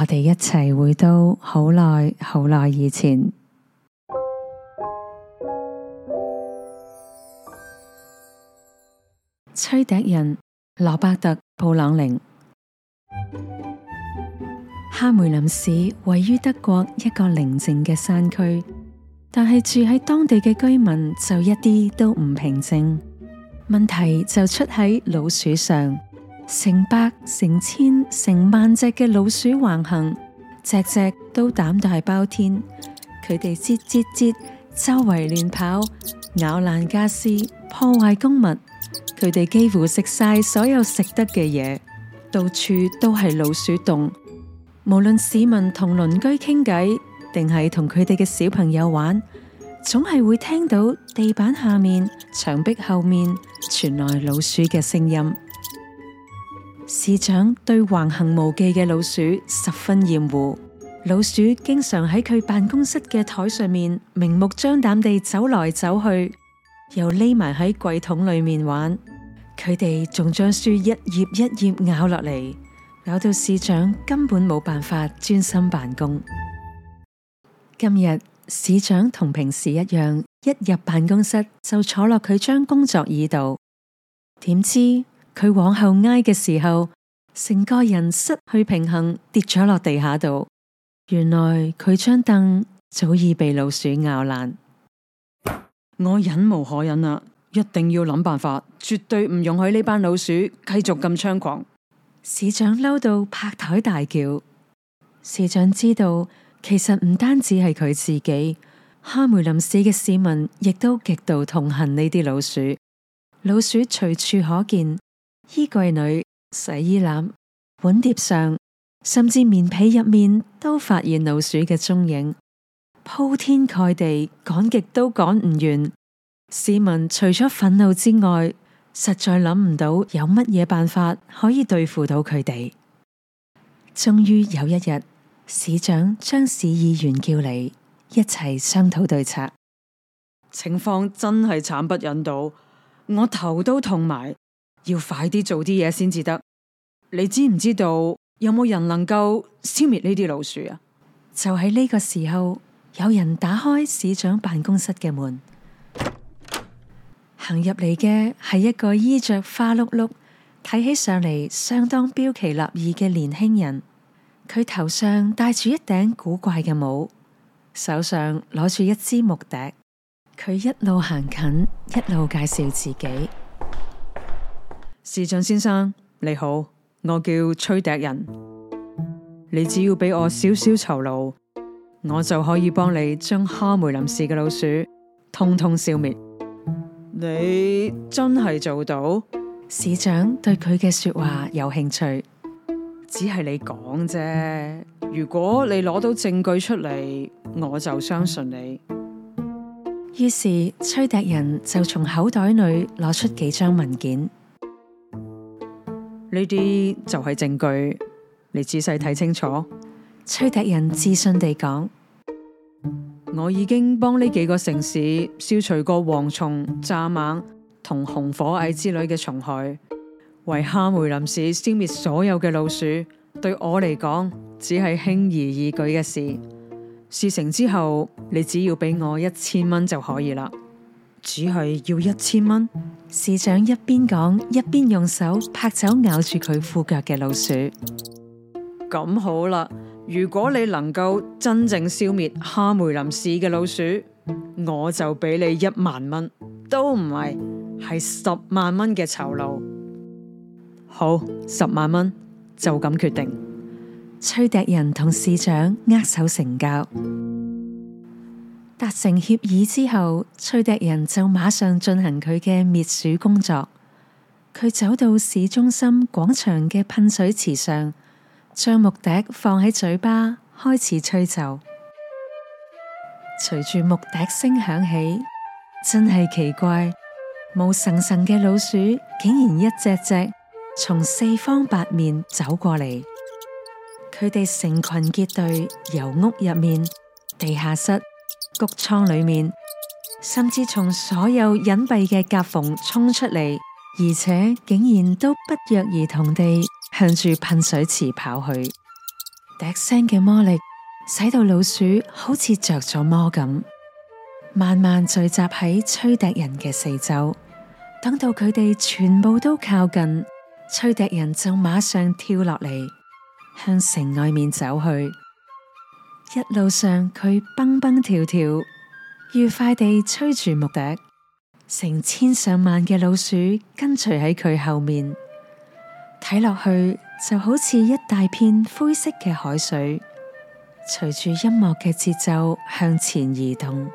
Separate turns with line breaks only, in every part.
我哋一齊回到好耐好耐以前。吹笛人羅伯特·布朗寧。哈梅林市位於德國一個寧靜嘅山區，但係住喺當地嘅居民就一啲都唔平靜。問題就出喺老鼠上。成百、成千、成萬隻嘅老鼠橫行，只只都膽大包天。佢哋吱吱吱周圍亂跑，咬爛家私，破壞公物。佢哋幾乎食晒所有食得嘅嘢，到處都係老鼠洞。無論市民同鄰居傾偈，定係同佢哋嘅小朋友玩，總係會聽到地板下面、牆壁後面傳來老鼠嘅聲音。市長對橫行無忌嘅老鼠十分厭惡，老鼠經常喺佢辦公室嘅台上面明目張膽地走來走去，又匿埋喺櫃桶裏面玩。佢哋仲將書一頁一頁咬落嚟，咬到市長根本冇辦法專心辦公。今日市長同平時一樣，一入辦公室就坐落佢張工作椅度，點知？佢往後挨嘅時候，成個人失去平衡，跌咗落地下度。原來佢張凳早已被老鼠咬爛。我忍無可忍啦、啊，一定要諗辦法，絕對唔容許呢班老鼠繼續咁猖狂。市長嬲到拍台大叫。市長知道，其實唔單止係佢自己，哈梅林市嘅市民亦都極度痛恨呢啲老鼠。老鼠隨處可見。衣櫃裏、洗衣籃、碗碟上，甚至棉被入面，都發現老鼠嘅蹤影，鋪天蓋地，趕極都趕唔完。市民除咗憤怒之外，實在諗唔到有乜嘢辦法可以對付到佢哋。終於有一日，市長將市議員叫嚟，一齊商討對策。情況真係慘不忍睹，我頭都痛埋。要快啲做啲嘢先至得。你知唔知道有冇人能夠消滅呢啲老鼠啊？就喺呢個時候，有人打開市長辦公室嘅門，行入嚟嘅係一個衣着花碌碌、睇起上嚟相當標奇立異嘅年輕人。佢頭上戴住一頂古怪嘅帽，手上攞住一支木笛。佢一路行近，一路介紹自己。市長先生你好，我叫吹笛人。你只要俾我少少酬勞，我就可以幫你將哈梅林市嘅老鼠通通消滅。你真係做到？市長對佢嘅說話有興趣，只係你講啫。如果你攞到證據出嚟，我就相信你。於是吹笛人就從口袋裏攞出幾張文件。呢啲就係證據，你仔細睇清楚。吹笛人自信地講：我已經幫呢幾個城市消除過蝗蟲、蚱蜢同紅火蟻之類嘅蟲害，為哈梅林市消滅所有嘅老鼠，對我嚟講只係輕而易舉嘅事。事成之後，你只要俾我一千蚊就可以啦。只係要一千蚊。市長一邊講，一邊用手拍走咬住佢褲腳嘅老鼠。咁好啦，如果你能夠真正消滅哈梅林市嘅老鼠，我就俾你一萬蚊，都唔係係十萬蚊嘅酬勞。好，十萬蚊就咁決定。吹笛人同市長握手成交。達成協議之後，吹笛人就馬上進行佢嘅滅鼠工作。佢走到市中心廣場嘅噴水池上，將木笛放喺嘴巴，開始吹奏。隨住木笛聲響起，真係奇怪，毛神神嘅老鼠竟然一隻隻從四方八面走過嚟。佢哋成群結隊，由屋入面、地下室。穀倉裏面，甚至從所有隱蔽嘅夾縫衝出嚟，而且竟然都不約而同地向住噴水池跑去。笛聲嘅魔力，使到老鼠好似着咗魔咁，慢慢聚集喺吹笛人嘅四周。等到佢哋全部都靠近，吹笛人就馬上跳落嚟，向城外面走去。一路上，佢蹦蹦跳跳，愉快地吹住木笛，成千上萬嘅老鼠跟隨喺佢後面，睇落去就好似一大片灰色嘅海水，隨住音樂嘅節奏向前移動。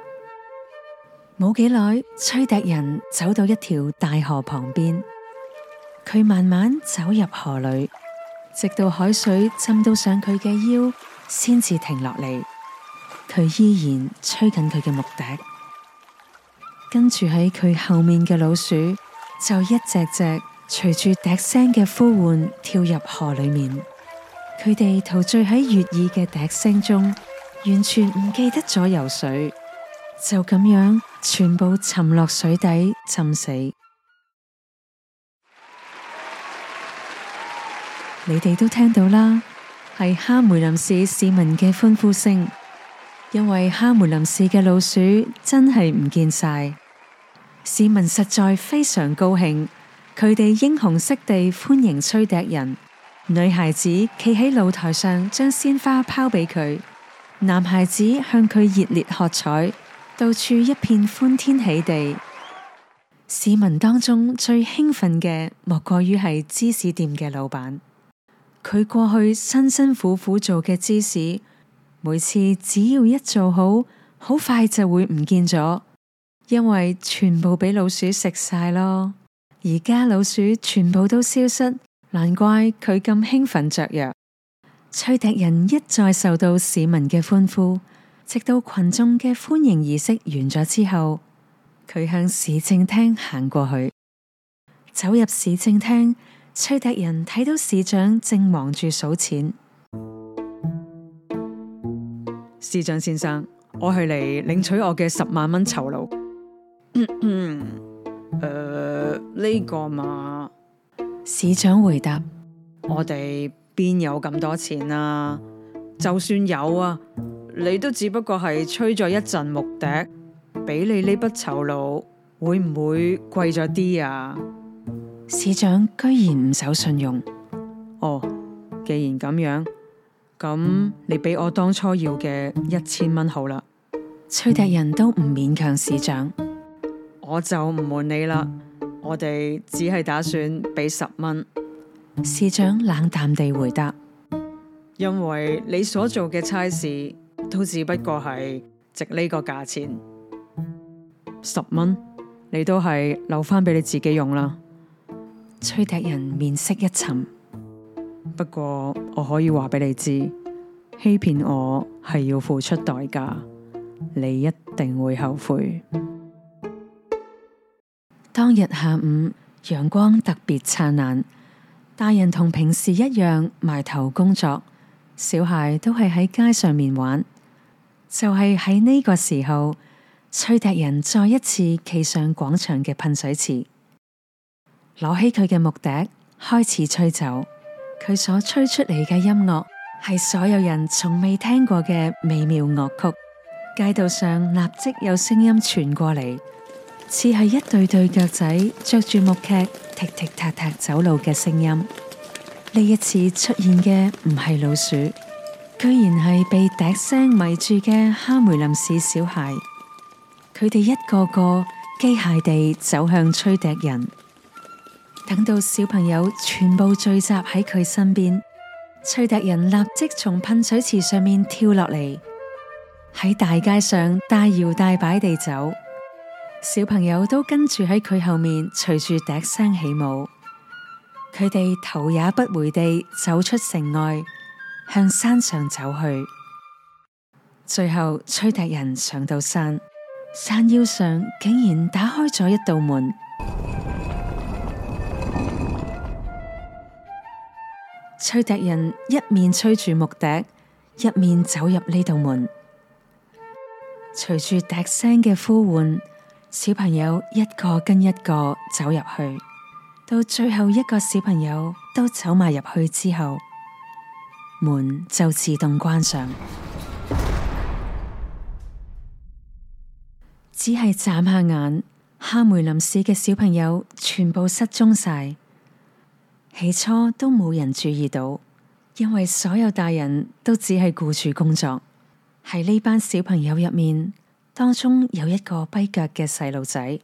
冇幾耐，吹笛人走到一條大河旁邊，佢慢慢走入河裏，直到海水浸到上佢嘅腰，先至停落嚟，佢依然吹緊佢嘅木笛，跟住喺佢後面嘅老鼠就一隻隻隨住笛聲嘅呼喚跳入河裏面，佢哋陶醉喺悅耳嘅笛聲中，完全唔記得咗游水，就咁樣全部沉落水底浸死。 你哋都聽到啦。係哈梅林市市民嘅歡呼聲，因為哈梅林市嘅老鼠真係唔見晒，市民實在非常高興，佢哋英雄式地歡迎吹笛人。女孩子企喺露台上，將鮮花拋俾佢；男孩子向佢熱烈喝彩，到處一片歡天喜地。市民當中最興奮嘅，莫過於係芝士店嘅老闆。佢過去辛辛苦苦做嘅芝士，每次只要一做好，好快就會唔見咗，因為全部俾老鼠食晒咯。而家老鼠全部都消失，難怪佢咁興奮雀躍。吹笛人一再受到市民嘅歡呼，直到群眾嘅歡迎儀式完咗之後，佢向市政廳行過去，走入市政廳。吹笛人睇到市長正忙住數錢。市長先生，我係嚟領取我嘅十萬蚊酬勞。誒，呢、 呃呢個嘛？市長回答，我哋邊有咁多錢啊？就算有啊，你都只不過係吹咗一陣木笛，俾你呢筆酬勞會唔會貴咗啲啊？市長居然唔守信用。哦，既然咁樣，咁你俾我當初要嘅一千蚊好啦。吹笛人都唔勉強市長，我就唔瞞你啦。我哋只係打算俾十蚊。市長冷淡地回答：因為你所做嘅差事都只不過係值呢個價錢，十蚊你都係留翻俾你自己用啦。吹笛人面色一沉。不過我可以話俾你知，欺騙我係要付出代價，你一定會後悔。當日下午，陽光特別燦爛，大人同平時一樣埋頭工作，小孩都係喺街上面玩。就係喺呢個時候，吹笛人再一次企上廣場嘅噴水池。攞起佢嘅木笛，開始吹奏。佢所吹出嚟嘅音樂係所有人從未聽過嘅美妙樂曲。街道上立即有聲音傳過嚟，似係一對對腳仔着住木屐，踢踢踏踏走路嘅聲音。呢一次出現嘅唔係老鼠，居然係被笛聲迷住嘅哈梅林市小孩。佢哋一個個機械地走向吹笛人。等到小朋友全部聚集喺佢身邊，吹笛人立即從噴水池上面跳落嚟，喺大街上大搖大擺地走，小朋友都跟住喺佢後面，隨住笛聲起舞。佢哋頭也不回地走出城外，向山上走去。最後，吹笛人上到山，山腰上竟然打開咗一道門。吹笛人一面吹住木笛，一面走入呢道門。隨住笛聲嘅呼喚，小朋友一個跟一個走入去。到最後一個小朋友都走埋入去之後，門就自動關上。只係眨下眼，哈梅林市嘅小朋友全部失蹤晒。起初都冇人注意到，因為所有大人都只係顧住工作。喺呢班小朋友入面，當中有一個跛腳嘅細路仔，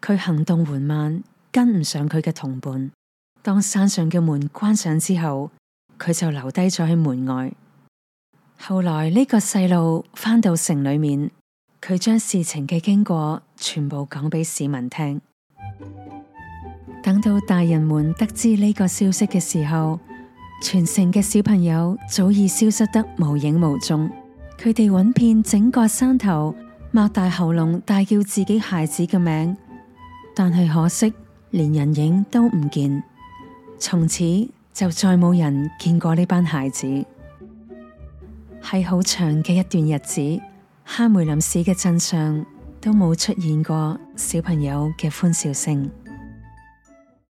佢行動緩慢，跟唔上佢嘅同伴。當山上嘅門關上之後，佢就留低咗喺門外。後來呢個細路返到城裏面，佢將事情嘅經過全部講俾市民聽。等到大人們得知呢個消息嘅時候，全城嘅小朋友早已消失得無影無蹤。佢哋揾遍整個山頭，擘大喉嚨大叫自己孩子嘅名，但係可惜連人影都唔見。從此就再冇人見過呢班孩子。喺好長嘅一段日子，哈梅林市嘅鎮上都冇出現過小朋友嘅歡笑聲。